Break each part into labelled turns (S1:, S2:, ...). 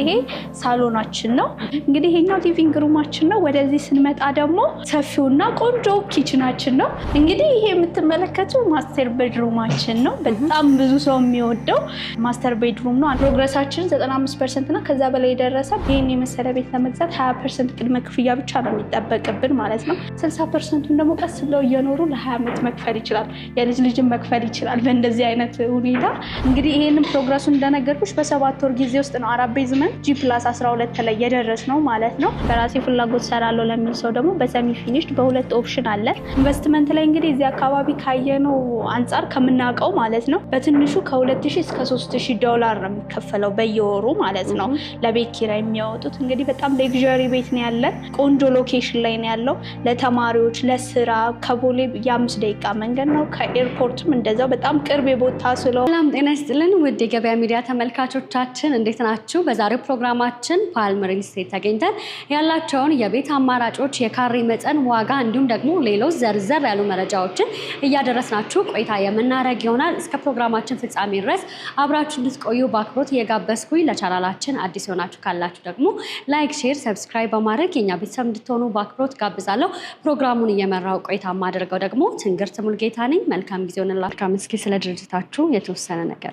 S1: ይሄ ሳሎናችን ነው። እንግዲህ ይሄኛው ሊቪንግ ሩማችን ነው። ወደዚህ ስንመጣ ደግሞ ሰፊውና ቆንጆ ኪችናችን ነው። እንግዲህ ይሄ የምትመለከቱ ማስተር ቤድሩማችን ነው። በጣም ብዙ ሰው የሚወደው ማስተር ቤድሩም ነው። ፕሮግረሳችን 95 ፐርሰንት ከዛ በላይ የደረሰ ይህን የመሰለ ቤት ለመግዛት 20 ፐርሰንት ቅድመ ክፍያ ብቻ ነው የሚጠበቅብን ማለት ነው። 60 ፐርሰንቱን ደግሞ ቀስ ብለው እየኖሩ ለ20 ዓመት መክፈል ይችላል። የልጅ ልጅን መክፈል ይችላል። በእንደዚህ አይነት ሁኔታ እንግዲህ ይህንን ፕሮግረሱ እንደነገርኩሽ በሰባት ወር ጊዜ ውስጥ ነው አራት ገጥመን ጂ ፕላስ 12 ላይ የደረስ ነው ማለት ነው። በራሴ ፍላጎት ሰራለሁ ለሚል ሰው ደግሞ በሰሚ ፊኒሽድ በሁለት ኦፕሽን አለ። ኢንቨስትመንት ላይ እንግዲህ እዚህ አካባቢ ካየነው አንጻር ከምናውቀው ማለት ነው በትንሹ ከ2000 እስከ 3000 ዶላር ነው የሚከፈለው በየወሩ ማለት ነው። ለቤት ኪራይ የሚያወጡት እንግዲህ በጣም ሌግዣሪ ቤት ነው ያለን። ቆንጆ ሎኬሽን ላይ ነው ያለው ለተማሪዎች ለስራ ከቦሌ የአምስት ደቂቃ መንገድ ነው። ከኤርፖርትም እንደዛው በጣም ቅርብ የቦታ ስለ
S2: ሰላም ጤና ይስጥልን ውድ የገበያ ሚዲያ ተመልካቾቻችን እንዴት ናችሁ? በዛ በዛሬው ፕሮግራማችን ፓልም ሪል ስቴት ተገኝተን ያላቸውን የቤት አማራጮች፣ የካሬ መጠን፣ ዋጋ እንዲሁም ደግሞ ሌሎች ዘርዘር ያሉ መረጃዎችን እያደረስናችሁ ቆይታ የምናደርግ ይሆናል። እስከ ፕሮግራማችን ፍጻሜ ድረስ አብራችሁ እንድትቆዩ በአክብሮት እየጋበዝኩኝ ለቻናላችን አዲስ የሆናችሁ ካላችሁ ደግሞ ላይክ፣ ሼር፣ ሰብስክራይብ በማድረግ የኛ ቤተሰብ እንድትሆኑ በአክብሮት ጋብዛለሁ። ፕሮግራሙን እየመራው ቆይታ የማደርገው ደግሞ ትንግርት ሙልጌታ ነኝ። መልካም ጊዜ ሆንላችሁ። እስኪ ስለ ድርጅታችሁ የተወሰነ ነገር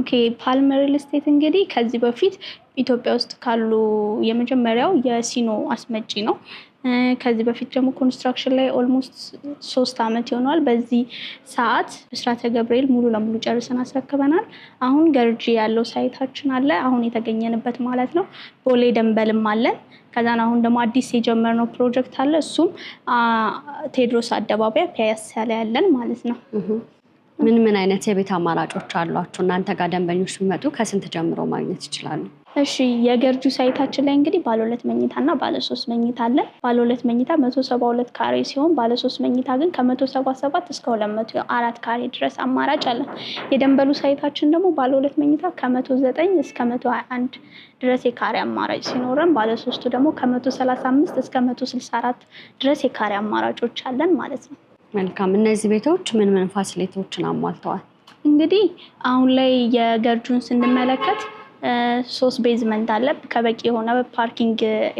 S3: ኦኬ ፓልም ሪል ስቴት እንግዲህ ከዚህ በፊት ኢትዮጵያ ውስጥ ካሉ የመጀመሪያው የሲኖ አስመጪ ነው። ከዚህ በፊት ደግሞ ኮንስትራክሽን ላይ ኦልሞስት ሶስት አመት ይሆነዋል። በዚህ ሰዓት ብስራተ ገብርኤል ሙሉ ለሙሉ ጨርሰን አስረክበናል። አሁን ገርጂ ያለው ሳይታችን አለ፣ አሁን የተገኘንበት ማለት ነው። ቦሌ ደንበልም አለን። ከዛን አሁን ደግሞ አዲስ የጀመርነው ፕሮጀክት አለ። እሱም ቴዎድሮስ አደባባይ ፒያሳ ላይ ያለን ማለት ነው።
S2: ምን ምን አይነት የቤት አማራጮች አሏችሁ? እናንተ ጋር ደንበኞች ሲመጡ ከስንት ጀምሮ ማግኘት ይችላሉ?
S3: እሺ የገርጁ ሳይታችን ላይ እንግዲህ ባለ ሁለት መኝታ እና ባለ ሶስት መኝታ አለ። ባለ ሁለት መኝታ መቶ ሰባ ሁለት ካሬ ሲሆን ባለ ሶስት መኝታ ግን ከመቶ ሰባ ሰባት እስከ ሁለት መቶ አራት ካሬ ድረስ አማራጭ አለን። የደንበሉ ሳይታችን ደግሞ ባለ ሁለት መኝታ ከመቶ ዘጠኝ እስከ መቶ ሀያ አንድ ድረስ የካሬ አማራጭ ሲኖረን ባለ ሶስቱ ደግሞ ከመቶ ሰላሳ አምስት እስከ መቶ ስልሳ አራት ድረስ የካሬ አማራጮች አለን ማለት ነው።
S2: መልካም። እነዚህ ቤቶች ምን ምን ፋሲሊቲዎችን አሟልተዋል?
S3: እንግዲህ አሁን ላይ የገርጁን ስንመለከት ሶስት ቤዝመንት አለ። ከበቂ የሆነ ፓርኪንግ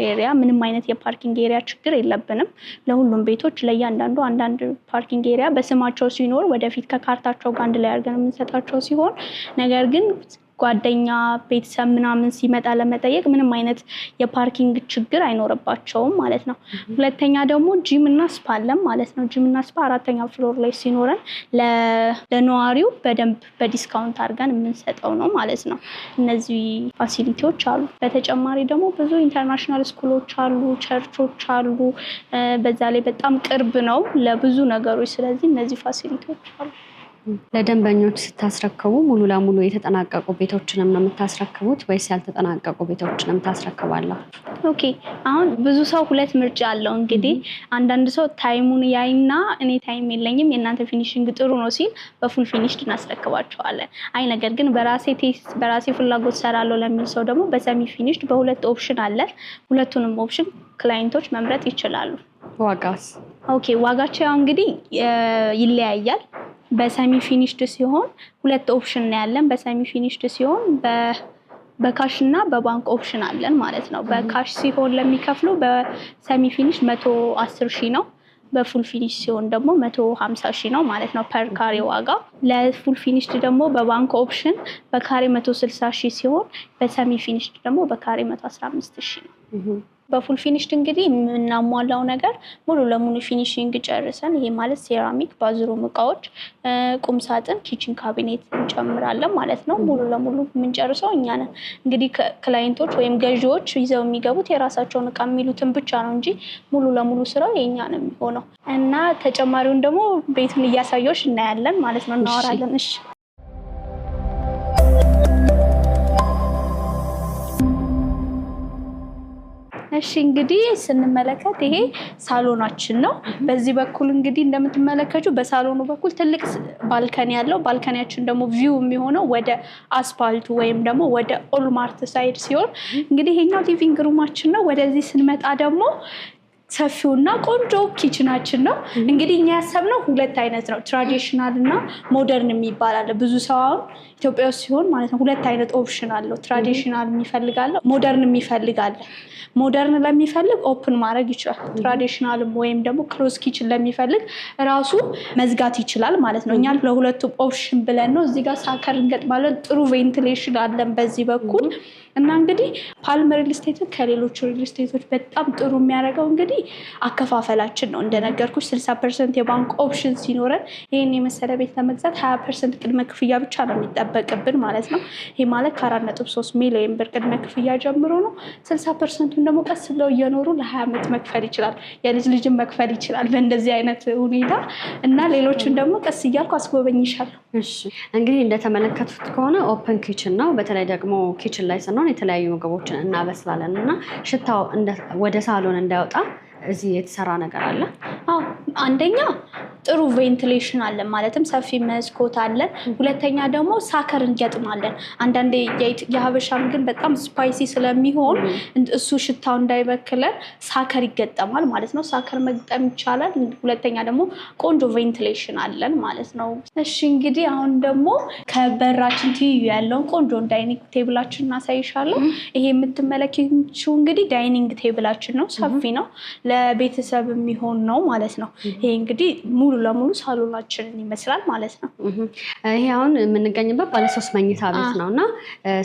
S3: ኤሪያ፣ ምንም አይነት የፓርኪንግ ኤሪያ ችግር የለብንም። ለሁሉም ቤቶች ለእያንዳንዱ አንዳንድ ፓርኪንግ ኤሪያ በስማቸው ሲኖር ወደፊት ከካርታቸው ጋር አንድ ላይ አድርገን የምንሰጣቸው ሲሆን ነገር ግን ጓደኛ ቤተሰብ ምናምን ሲመጣ ለመጠየቅ ምንም አይነት የፓርኪንግ ችግር አይኖርባቸውም ማለት ነው። ሁለተኛ ደግሞ ጂም እና ስፓ አለን ማለት ነው። ጂም እና ስፓ አራተኛ ፍሎር ላይ ሲኖረን ለነዋሪው በደንብ በዲስካውንት አድርገን የምንሰጠው ነው ማለት ነው። እነዚህ ፋሲሊቲዎች አሉ። በተጨማሪ ደግሞ ብዙ ኢንተርናሽናል ስኩሎች አሉ፣ ቸርቾች አሉ። በዛ ላይ በጣም ቅርብ ነው ለብዙ ነገሮች። ስለዚህ እነዚህ ፋሲሊቲዎች አሉ።
S2: ለደንበኞች ስታስረክቡ ሙሉ ለሙሉ የተጠናቀቁ ቤቶችንም ነው የምታስረክቡት ወይስ ያልተጠናቀቁ ቤቶችንም ታስረክባለሁ?
S3: ኦኬ አሁን ብዙ ሰው ሁለት ምርጫ አለው። እንግዲህ አንዳንድ ሰው ታይሙን ያይና እኔ ታይም የለኝም የእናንተ ፊኒሽንግ ጥሩ ነው ሲል በፉል ፊኒሽድ እናስረክባቸዋለን። አይ ነገር ግን በራሴ ቴስት በራሴ ፍላጎት ሰራለው ለሚል ሰው ደግሞ በሰሚ ፊኒሽድ በሁለት ኦፕሽን አለ። ሁለቱንም ኦፕሽን ክላይንቶች መምረጥ ይችላሉ። ዋጋስ? ኦኬ ዋጋቸው ያው እንግዲህ ይለያያል በሰሚ ፊኒሽድ ሲሆን ሁለት ኦፕሽን ነው ያለን። በሰሚ ፊኒሽድ ሲሆን በካሽ እና በባንክ ኦፕሽን አለን ማለት ነው። በካሽ ሲሆን ለሚከፍሉ በሰሚ ፊኒሽ መቶ አስር ሺህ ነው። በፉል ፊኒሽ ሲሆን ደግሞ መቶ ሀምሳ ሺህ ነው ማለት ነው ፐር ካሬ ዋጋ። ለፉል ፊኒሽድ ደግሞ በባንክ ኦፕሽን በካሬ መቶ ስልሳ ሺህ ሲሆን በሰሚ ፊኒሽድ ደግሞ በካሬ መቶ አስራ አምስት ሺህ ነው። በፉል ፊኒሽድ እንግዲህ የምናሟላው ነገር ሙሉ ለሙሉ ፊኒሽንግ ጨርሰን ይሄ ማለት ሴራሚክ፣ ባዝሩም እቃዎች፣ ቁምሳጥን፣ ኪችን ካቢኔት እንጨምራለን ማለት ነው። ሙሉ ለሙሉ የምንጨርሰው እኛ ነን። እንግዲህ ክላይንቶች ወይም ገዢዎች ይዘው የሚገቡት የራሳቸውን እቃ የሚሉትን ብቻ ነው እንጂ ሙሉ ለሙሉ ስራው የእኛ ነው የሚሆነው እና ተጨማሪውን ደግሞ ቤቱን እያሳየች እናያለን ማለት ነው፣ እናወራለን። እሺ
S1: እሺ እንግዲህ ስንመለከት ይሄ ሳሎናችን ነው። በዚህ በኩል እንግዲህ እንደምትመለከቱ በሳሎኑ በኩል ትልቅ ባልከኒ ያለው ባልከኒያችን ደግሞ ቪው የሚሆነው ወደ አስፓልቱ ወይም ደግሞ ወደ ኦልማርት ሳይድ ሲሆን እንግዲህ ይሄኛው ሊቪንግ ሩማችን ነው። ወደዚህ ስንመጣ ደግሞ ሰፊውና ቆንጆ ኪችናችን ነው። እንግዲህ እኛ ያሰብነው ሁለት አይነት ነው፣ ትራዲሽናል እና ሞደርን የሚባል አለ። ብዙ ሰው አሁን ኢትዮጵያ ውስጥ ሲሆን ማለት ነው ሁለት አይነት ኦፕሽን አለው። ትራዲሽናል የሚፈልጋለው ሞደርን የሚፈልጋለ ሞደርን ለሚፈልግ ኦፕን ማድረግ ይችላል። ትራዲሽናልም ወይም ደግሞ ክሎዝ ኪችን ለሚፈልግ ራሱ መዝጋት ይችላል ማለት ነው። እኛ ለሁለቱም ኦፕሽን ብለን ነው እዚህ ጋር ሳከር እንገጥማለን። ጥሩ ቬንቲሌሽን አለን በዚህ በኩል እና እንግዲህ ፓልም ሪል ስቴትን ከሌሎቹ ሪል ስቴቶች በጣም ጥሩ የሚያደርገው እንግዲህ አከፋፈላችን ነው። እንደነገርኩች 60 ፐርሰንት የባንክ ኦፕሽን ሲኖረን ይህን የመሰለ ቤት ለመግዛት 20 ፐርሰንት ቅድመ ክፍያ ብቻ ነው የሚጠበ የሚጠበቅብን ማለት ነው። ይህ ማለት ከአራት ነጥብ ሶስት ሚሊዮን ብር ቅድመ ክፍያ ጀምሮ ነው። ስልሳ ፐርሰንቱን ደግሞ ቀስ ብለው እየኖሩ ለሀያ ዓመት መክፈል ይችላል። የልጅ ልጅን መክፈል ይችላል በእንደዚህ አይነት ሁኔታ እና ሌሎችን ደግሞ ቀስ እያልኩ አስጎበኝሻለሁ።
S2: እንግዲህ እንደተመለከቱት ከሆነ ኦፕን ኪችን ነው። በተለይ ደግሞ ኪችን ላይ ስንሆን የተለያዩ ምግቦችን እናበስላለን እና ሽታው ወደ ሳሎን እንዳይወጣ እዚህ የተሰራ ነገር አለ።
S3: አንደኛ ጥሩ ቬንቲሌሽን አለን፣ ማለትም ሰፊ መስኮት አለን። ሁለተኛ ደግሞ ሳከር እንገጥማለን። አንዳንዴ የሀበሻ ምግብ በጣም ስፓይሲ ስለሚሆን እሱ ሽታው እንዳይበክለን ሳከር ይገጠማል ማለት ነው። ሳከር መግጠም ይቻላል። ሁለተኛ ደግሞ ቆንጆ ቬንቲሌሽን አለን ማለት ነው። እሺ እንግዲህ አሁን ደግሞ ከበራችን ትይዩ ያለውን ቆንጆ ዳይኒንግ ቴብላችን እናሳይሻለን። ይሄ የምትመለኪችው እንግዲህ ዳይኒንግ ቴብላችን ነው። ሰፊ ነው። ለቤተሰብ የሚሆን ነው ማለት ነው። ይሄ እንግዲህ ሙሉ ለሙሉ ሳሎናችንን ይመስላል ማለት ነው።
S2: ይሄ አሁን የምንገኝበት ባለሶስት መኝታ ቤት ነው እና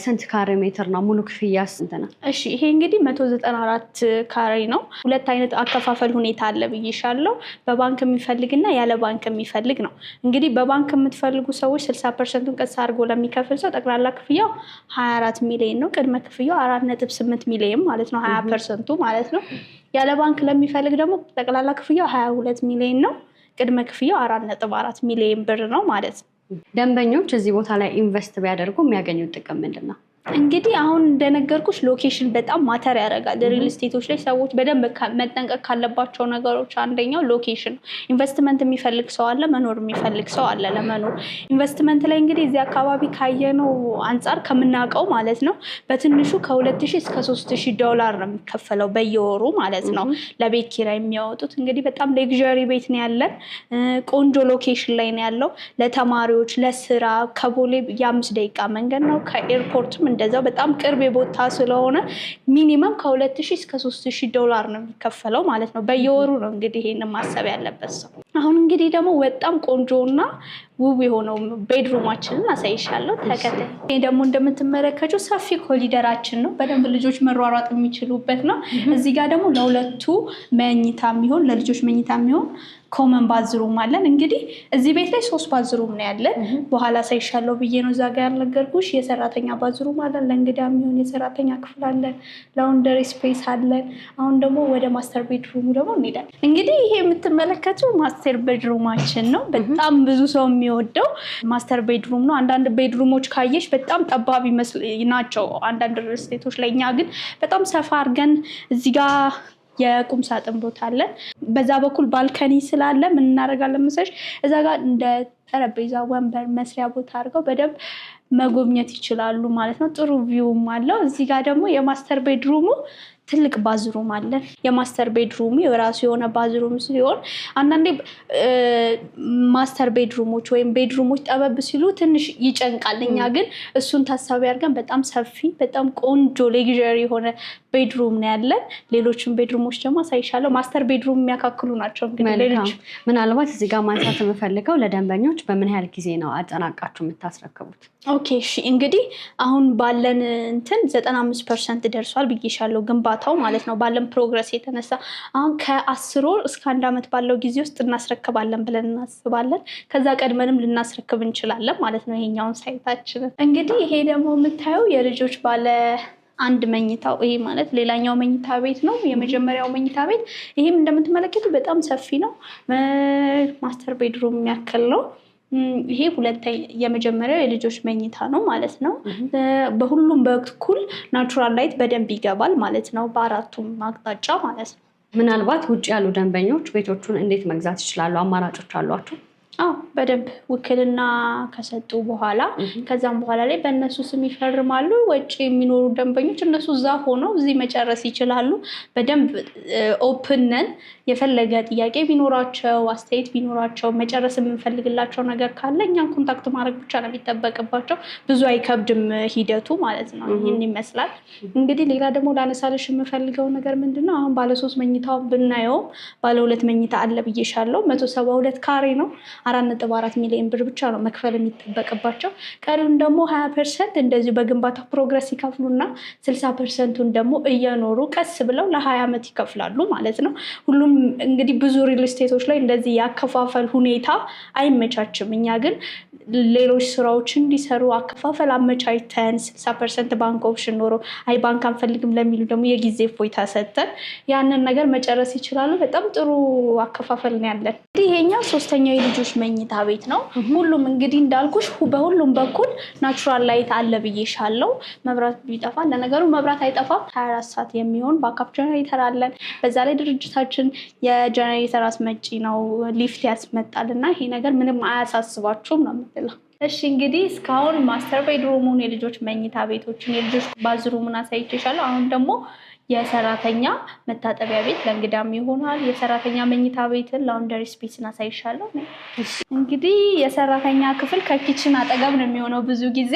S2: ስንት ካሬ ሜትር ነው? ሙሉ ክፍያ ስንት
S3: ነው? እሺ ይሄ እንግዲህ መቶ ዘጠና አራት ካሬ ነው። ሁለት አይነት አከፋፈል ሁኔታ አለ ብዬሻለው። በባንክ የሚፈልግና ያለ ባንክ የሚፈልግ ነው። እንግዲህ በባንክ የምትፈልጉ ሰዎች ስልሳ ፐርሰንቱን ቀስ አድርጎ ለሚከፍል ሰው ጠቅላላ ክፍያው ሀያ አራት ሚሊዮን ነው። ቅድመ ክፍያው አራት ነጥብ ስምንት ሚሊዮን ማለት ነው። ሀያ ፐርሰንቱ ማለት ነው። ያለ ባንክ ለሚፈልግ ደግሞ ጠቅላላ ክፍያው ሀያ ሁለት ሚሊዮን ነው። ቅድመ ክፍያው አራት ነጥብ አራት ሚሊዮን ብር ነው ማለት ነው።
S2: ደንበኞች እዚህ ቦታ ላይ ኢንቨስት ቢያደርጉ የሚያገኙት ጥቅም ምንድን ነው?
S3: እንግዲህ አሁን እንደነገርኩሽ ሎኬሽን በጣም ማተር ያደርጋል። ሪል ስቴቶች ላይ ሰዎች በደንብ መጠንቀቅ ካለባቸው ነገሮች አንደኛው ሎኬሽን ነው። ኢንቨስትመንት የሚፈልግ ሰው አለ፣ መኖር የሚፈልግ ሰው አለ። ለመኖር ኢንቨስትመንት ላይ እንግዲህ እዚህ አካባቢ ካየነው አንጻር ከምናውቀው ማለት ነው በትንሹ ከሁለት ሺህ እስከ ሶስት ሺህ ዶላር ነው የሚከፈለው በየወሩ ማለት ነው ለቤት ኪራይ የሚያወጡት። እንግዲህ በጣም ሌግዣሪ ቤት ነው ያለን፣ ቆንጆ ሎኬሽን ላይ ነው ያለው። ለተማሪዎች ለስራ ከቦሌ የአምስት ደቂቃ መንገድ ነው ከኤርፖርትም እንደዛው በጣም ቅርብ የቦታ ስለሆነ ሚኒመም ከ2000 እስከ 3000 ዶላር ነው የሚከፈለው ማለት ነው። በየወሩ ነው እንግዲህ ይሄንን ማሰብ ያለበት ሰው። አሁን እንግዲህ ደግሞ በጣም ቆንጆ እና ውብ የሆነው ቤድሩማችንን አሳይሻለሁ። ተከታይ
S1: ይህ ደግሞ እንደምትመለከቸው ሰፊ ኮሊደራችን ነው። በደንብ ልጆች መሯሯጥ የሚችሉበት ነው። እዚህ ጋር ደግሞ ለሁለቱ መኝታ የሚሆን ለልጆች መኝታ የሚሆን ኮመን ባዝሩም አለን። እንግዲህ እዚህ ቤት ላይ ሶስት ባዝሩም ነው ያለን። በኋላ ሳይሻለው ብዬ ነው እዛ ያልነገርኩሽ። የሰራተኛ ባዝሩም አለን፣ ለእንግዳ የሚሆን የሰራተኛ ክፍል አለን፣ ላውንደሪ ስፔስ አለን። አሁን ደግሞ ወደ ማስተር ቤድሩሙ ደግሞ እንሄዳለን። እንግዲህ ይሄ የምትመለከቱ ማስተር ቤድሩማችን ነው። በጣም ብዙ ሰው የሚ የሚወደው ማስተር ቤድሩም ነው። አንዳንድ ቤድሩሞች ካየሽ በጣም ጠባብ ናቸው። አንዳንድ ሪልስቴቶች ላይ እኛ ግን በጣም ሰፋ አድርገን እዚህ ጋ የቁም ሳጥን ቦታ አለን። በዛ በኩል ባልከኒ ስላለ ምን እናደርጋለን መሰለሽ እዛ ጋር እንደ ጠረጴዛ፣ ወንበር፣ መስሪያ ቦታ አድርገው በደንብ መጎብኘት ይችላሉ ማለት ነው። ጥሩ ቪውም አለው። እዚህ ጋር ደግሞ የማስተር ቤድሩሙ ትልቅ ባዝሩም አለ። የማስተር ቤድሩሙ የራሱ የሆነ ባዝሩም ሲሆን አንዳንዴ ማስተር ቤድሩሞች ወይም ቤድሩሞች ጠበብ ሲሉ ትንሽ ይጨንቃል። እኛ ግን እሱን ታሳቢ አድርገን በጣም ሰፊ በጣም ቆንጆ ሌግሪ የሆነ ቤድሩም ነው ያለን። ሌሎችን ቤድሩሞች ደግሞ አሳይሻለሁ። ማስተር ቤድሩም የሚያካክሉ ናቸው።
S2: ምናልባት እዚህ ጋር ማንሳት የምፈልገው ለደንበኞች በምን ያህል ጊዜ ነው አጠናቃችሁ የምታስረክቡት?
S3: ኦኬ እሺ፣ እንግዲህ አሁን ባለን እንትን ዘጠና አምስት ፐርሰንት ደርሷል ብዬሻለሁ ግንባ ግንባታው ማለት ነው ባለን ፕሮግረስ የተነሳ አሁን ከአስር ወር እስከ አንድ ዓመት ባለው ጊዜ ውስጥ እናስረክባለን ብለን እናስባለን። ከዛ ቀድመንም ልናስረክብ እንችላለን ማለት ነው ይሄኛውን ሳይታችንን። እንግዲህ ይሄ ደግሞ የምታየው የልጆች ባለ አንድ መኝታ ይሄ ማለት ሌላኛው መኝታ ቤት ነው። የመጀመሪያው መኝታ ቤት ይህም እንደምትመለከቱ በጣም ሰፊ ነው። ማስተር ቤድሩም የሚያክል ነው። ይሄ ሁለተ የመጀመሪያው የልጆች መኝታ ነው ማለት ነው። በሁሉም በኩል ናቹራል ላይት በደንብ ይገባል ማለት ነው፣ በአራቱም አቅጣጫ ማለት ነው።
S2: ምናልባት ውጭ ያሉ ደንበኞች ቤቶቹን እንዴት መግዛት ይችላሉ? አማራጮች አሏቸው?
S3: አዎ በደንብ ውክልና ከሰጡ በኋላ ከዛም በኋላ ላይ በእነሱ ስም ይፈርማሉ። ወጪ የሚኖሩ ደንበኞች እነሱ እዛ ሆነው እዚህ መጨረስ ይችላሉ። በደንብ ኦፕን የፈለገ ጥያቄ ቢኖራቸው፣ አስተያየት ቢኖራቸው፣ መጨረስ የምንፈልግላቸው ነገር ካለ እኛን ኮንታክት ማድረግ ብቻ ነው የሚጠበቅባቸው። ብዙ አይከብድም ሂደቱ ማለት ነው። ይህን ይመስላል እንግዲህ። ሌላ ደግሞ ላነሳለሽ የምፈልገው ነገር ምንድን ነው አሁን ባለሶስት መኝታው ብናየውም ባለሁለት መኝታ አለ ብዬሻለው። መቶ ሰባ ሁለት ካሬ ነው አራት ነጥብ አራት ሚሊዮን ብር ብቻ ነው መክፈል የሚጠበቅባቸው። ቀሪውን ደግሞ ሀያ ፐርሰንት እንደዚሁ በግንባታ ፕሮግረስ ይከፍሉና ስልሳ ፐርሰንቱን ደግሞ እየኖሩ ቀስ ብለው ለሀያ ዓመት ይከፍላሉ ማለት ነው። ሁሉም እንግዲህ ብዙ ሪል ስቴቶች ላይ እንደዚህ ያከፋፈል ሁኔታ አይመቻችም። እኛ ግን ሌሎች ስራዎች እንዲሰሩ አከፋፈል አመቻችተን ስልሳ ፐርሰንት ባንክ ኦፕሽን ኖሮ አይ ባንክ አንፈልግም ለሚሉ ደግሞ የጊዜ እፎይታ ሰጠን ያንን ነገር መጨረስ ይችላሉ። በጣም ጥሩ አከፋፈል ነው ያለን። እንግዲህ ይሄኛው ሶስተኛው የልጆች መኝታ ቤት ነው። ሁሉም እንግዲህ እንዳልኩሽ በሁሉም በኩል ናቹራል ላይት አለ ብዬሻለው። መብራት ቢጠፋ ለነገሩ መብራት አይጠፋም። ሀያ አራት ሰዓት የሚሆን ባካፕ ጀነሬተር አለን። በዛ ላይ ድርጅታችን የጀነሬተር አስመጪ ነው፣ ሊፍት ያስመጣል እና ይሄ ነገር ምንም አያሳስባችሁም ነው አልሐምዱሊላ። እሺ እንግዲህ እስካሁን ማስተር ቤድሩሙን፣ የልጆች መኝታ ቤቶችን፣ የልጆች ባዝሩሙን አሳይቼሻለሁ። አሁን ደግሞ የሰራተኛ መታጠቢያ ቤት ለእንግዳም ይሆናል። የሰራተኛ መኝታ ቤትን ላውንደሪ ስፔስን አሳይሻለሁ። እንግዲህ የሰራተኛ ክፍል ከኪችን አጠገብ ነው የሚሆነው። ብዙ ጊዜ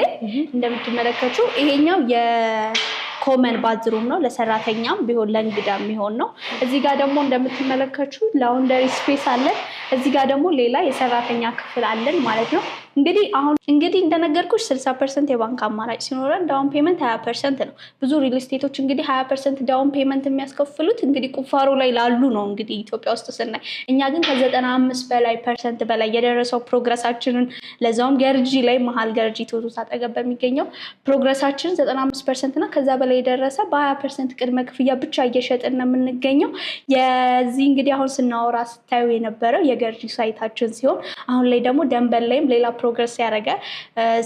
S3: እንደምትመለከቱ ይሄኛው የኮመን ባዝሩም ነው። ለሰራተኛም ቢሆን ለእንግዳም የሚሆን ነው። እዚህ ጋር ደግሞ እንደምትመለከቱ ላውንደሪ ስፔስ አለን። እዚህ ጋር ደግሞ ሌላ የሰራተኛ ክፍል አለን ማለት ነው። እንግዲህ አሁን እንግዲህ እንደነገርኩሽ ስልሳ ፐርሰንት የባንክ አማራጭ ሲኖረን ዳውን ፔመንት ሀያ ፐርሰንት ነው። ብዙ ሪል ስቴቶች እንግዲህ ሀያ ፐርሰንት ዳውን ፔመንት የሚያስከፍሉት እንግዲህ ቁፋሮ ላይ ላሉ ነው። እንግዲህ ኢትዮጵያ ውስጥ ስናይ እኛ ግን ከዘጠና አምስት በላይ ፐርሰንት በላይ የደረሰው ፕሮግረሳችንን ለዛውም ገርጂ ላይ መሀል ገርጂ ቶቶስ አጠገብ በሚገኘው ፕሮግረሳችን ዘጠና አምስት ፐርሰንት እና ከዛ በላይ የደረሰ በሀያ ፐርሰንት ቅድመ ክፍያ ብቻ እየሸጥን ነው የምንገኘው። የዚህ እንግዲህ አሁን ስናወራ ስታዩ የነበረው የገርጂ ሳይታችን ሲሆን አሁን ላይ ደግሞ ደንበል ላይም ሌላ ፕሮግረስ ያደረገ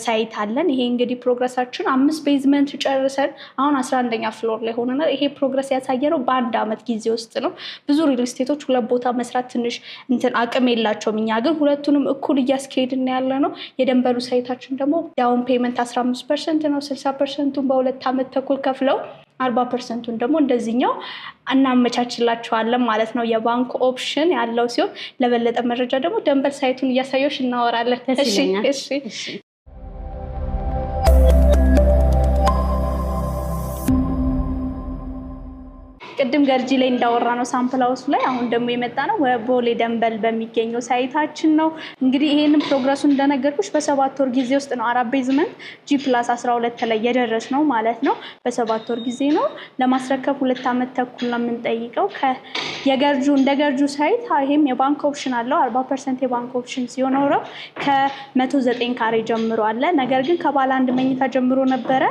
S3: ሳይት አለን። ይሄ እንግዲህ ፕሮግረሳችን አምስት ቤዝመንት ጨርሰን አሁን አስራ አንደኛ ፍሎር ላይ ሆነናል። ይሄ ፕሮግረስ ያሳየ ነው በአንድ አመት ጊዜ ውስጥ ነው። ብዙ ሪል ስቴቶች ሁለት ቦታ መስራት ትንሽ እንትን አቅም የላቸውም። እኛ ግን ሁለቱንም እኩል እያስኬድን ያለ ነው። የደንበሩ ሳይታችን ደግሞ ዳውን ፔመንት አስራ አምስት ፐርሰንት ነው። ስልሳ ፐርሰንቱን በሁለት አመት ተኩል ከፍለው አርባ ፐርሰንቱን ደግሞ እንደዚህኛው እናመቻችላችኋለን ማለት ነው። የባንክ ኦፕሽን ያለው ሲሆን ለበለጠ መረጃ ደግሞ ደንበል ሳይቱን እያሳየች እናወራለን።
S2: እሺ እሺ።
S1: ቅድም ገርጂ ላይ እንዳወራ ነው ሳምፕል ላይ አሁን ደግሞ የመጣ ነው ቦሌ ደንበል በሚገኘው ሳይታችን ነው። እንግዲህ ይህንን ፕሮግረሱ እንደነገርኩሽ በሰባት ወር ጊዜ ውስጥ ነው አራት ቤዝመንት ጂ ፕላስ አስራ ሁለት ላይ የደረስ ነው ማለት ነው። በሰባት ወር ጊዜ ነው ለማስረከብ ሁለት ዓመት ተኩል ነው የምንጠይቀው። የገርጁ እንደ ገርጁ ሳይት ይህም የባንክ ኦፕሽን አለው። አርባ ፐርሰንት የባንክ ኦፕሽን ሲኖረው ከመቶ ዘጠኝ ካሬ ጀምሮ አለ። ነገር ግን ከባለ አንድ መኝታ ጀምሮ ነበረ።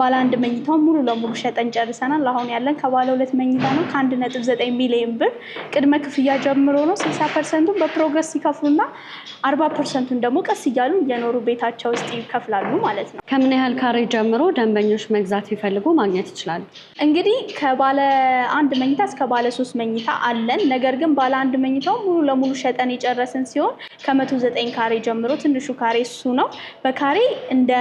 S1: ባለ አንድ መኝታው ሙሉ ለሙሉ ሸጠን ጨርሰናል። አሁን ያለን ከባለ ሁለት መኝታ መኝታ ነው ከአንድ ነጥብ ዘጠኝ ሚሊዮን ብር ቅድመ ክፍያ ጀምሮ ነው። ስልሳ ፐርሰንቱን በፕሮግረስ ሲከፍሉና አርባ ፐርሰንቱን ደግሞ ቀስ እያሉ እየኖሩ ቤታቸው ውስጥ ይከፍላሉ ማለት ነው።
S2: ከምን ያህል ካሬ ጀምሮ ደንበኞች መግዛት ቢፈልጉ ማግኘት ይችላሉ?
S1: እንግዲህ ከባለ አንድ መኝታ እስከ ባለ ሶስት መኝታ አለን። ነገር ግን ባለ አንድ መኝታው ሙሉ ለሙሉ ሸጠን የጨረስን ሲሆን ከመቶ ዘጠኝ ካሬ ጀምሮ ትንሹ ካሬ እሱ ነው። በካሬ እንደ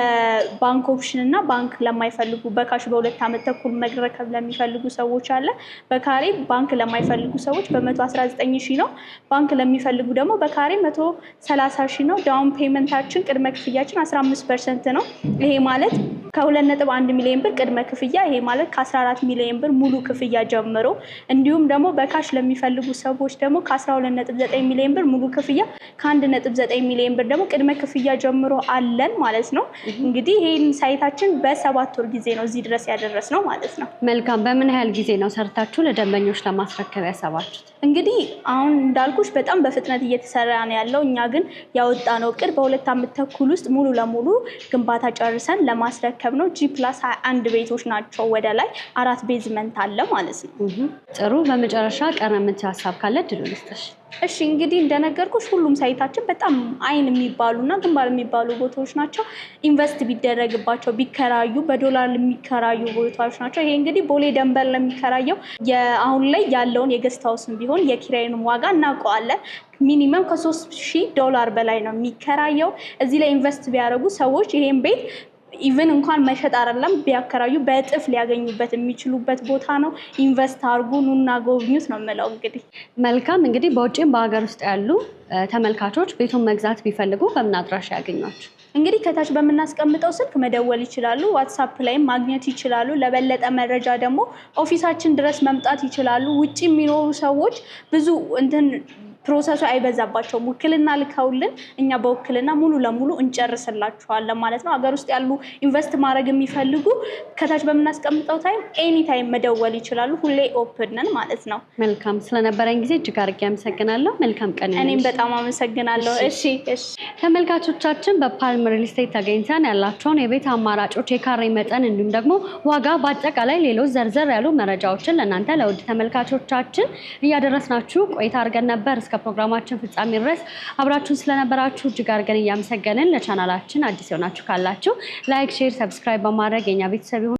S1: ባንክ ኦፕሽን እና ባንክ ለማይፈልጉ በካሽ በሁለት ዓመት ተኩል መረከብ ለሚፈልጉ ሰዎች አለ። በካሬ ባንክ ለማይፈልጉ ሰዎች በ119 ሺ ነው። ባንክ ለሚፈልጉ ደግሞ በካሬ 130 ሺ ነው። ዳውን ፔመንታችን ቅድመ ክፍያችን 15 ፐርሰንት ነው። ይሄ ማለት ከ2.1 ሚሊዮን ብር ቅድመ ክፍያ ይሄ ማለት ከ14 ሚሊዮን ብር ሙሉ ክፍያ ጀምሮ እንዲሁም ደግሞ በካሽ ለሚፈልጉ ሰዎች ደግሞ ከ12.9 ሚሊዮን ብር ሙሉ ክፍያ ከ1.9 ሚሊዮን ብር ደግሞ ቅድመ ክፍያ ጀምሮ አለን ማለት ነው። እንግዲህ ይህን ሳይታችን በሰባት ወር ጊዜ ነው እዚህ ድረስ ያደረስ ነው ማለት ነው።
S2: መልካም። በምን ያህል ጊዜ ነው ሰርታችሁ ለደንበኞች ለማስረከብ ያሰባችሁት?
S3: እንግዲህ አሁን እንዳልኩሽ በጣም በፍጥነት እየተሰራ ነው ያለው። እኛ ግን ያወጣነው እቅድ በሁለት ዓመት ተኩል ውስጥ ሙሉ ለሙሉ ግንባታ ጨርሰን ለማስረከብ ነው። ጂ ፕላስ አንድ ቤቶች ናቸው። ወደ ላይ አራት ቤዝመንት አለ ማለት ነው።
S2: ጥሩ። በመጨረሻ ቀረ የምትይው ሀሳብ ካለ ድሉ ልስጥሽ።
S3: እሺ እንግዲህ እንደነገርኩሽ ሁሉም ሳይታችን በጣም አይን የሚባሉና ግንባር የሚባሉ ቦታዎች ናቸው። ኢንቨስት ቢደረግባቸው ቢከራዩ በዶላር የሚከራዩ ቦታዎች ናቸው። ይሄ እንግዲህ ቦሌ ደንበር ለሚከራየው አሁን ላይ ያለውን የገስታውስም ቢሆን የኪራይንም ዋጋ እናውቀዋለን። ሚኒመም ከሶስት ሺህ ዶላር በላይ ነው የሚከራየው። እዚህ ላይ ኢንቨስት ቢያደርጉ ሰዎች ይሄን ቤት ኢቨን እንኳን መሸጥ አይደለም ቢያከራዩ በእጥፍ ሊያገኙበት የሚችሉበት ቦታ ነው። ኢንቨስት አርጉ፣ ኑና ጎብኙት ነው የምለው። እንግዲህ
S2: መልካም እንግዲህ በውጭም በሀገር ውስጥ ያሉ ተመልካቾች ቤቱን መግዛት ቢፈልጉ በምን አድራሻ ያገኟቸው?
S3: እንግዲህ ከታች በምናስቀምጠው ስልክ መደወል ይችላሉ። ዋትሳፕ ላይም ማግኘት ይችላሉ። ለበለጠ መረጃ ደግሞ ኦፊሳችን ድረስ መምጣት ይችላሉ። ውጭ የሚኖሩ ሰዎች ብዙ እንትን ፕሮሰሱ አይበዛባቸውም። ውክልና ልከውልን እኛ በውክልና ሙሉ ለሙሉ እንጨርስላችኋለን ማለት ነው። ሀገር ውስጥ ያሉ ኢንቨስት ማድረግ የሚፈልጉ ከታች በምናስቀምጠው ታይም ኤኒ ታይም መደወል ይችላሉ። ሁሌ ኦፕን ነን ማለት ነው።
S2: መልካም ስለነበረኝ ጊዜ እጅግ አድርጌ አመሰግናለሁ። መልካም ቀን።
S3: እኔም በጣም አመሰግናለሁ። እሺ እሺ።
S2: ተመልካቾቻችን በፓልም ሪል ስቴት ተገኝተን ያላቸውን የቤት አማራጮች፣ የካሬ መጠን እንዲሁም ደግሞ ዋጋ፣ በአጠቃላይ ሌሎች ዘርዘር ያሉ መረጃዎችን ለእናንተ ለውድ ተመልካቾቻችን እያደረስናችሁ ቆይታ አድርገን ነበር እስከ ፕሮግራማችን ፍጻሜ ድረስ አብራችሁን ስለነበራችሁ እጅግ አድርገን እያመሰገንን ለቻናላችን አዲስ የሆናችሁ ካላችሁ ላይክ፣ ሼር፣ ሰብስክራይብ በማድረግ የኛ ቤተሰብ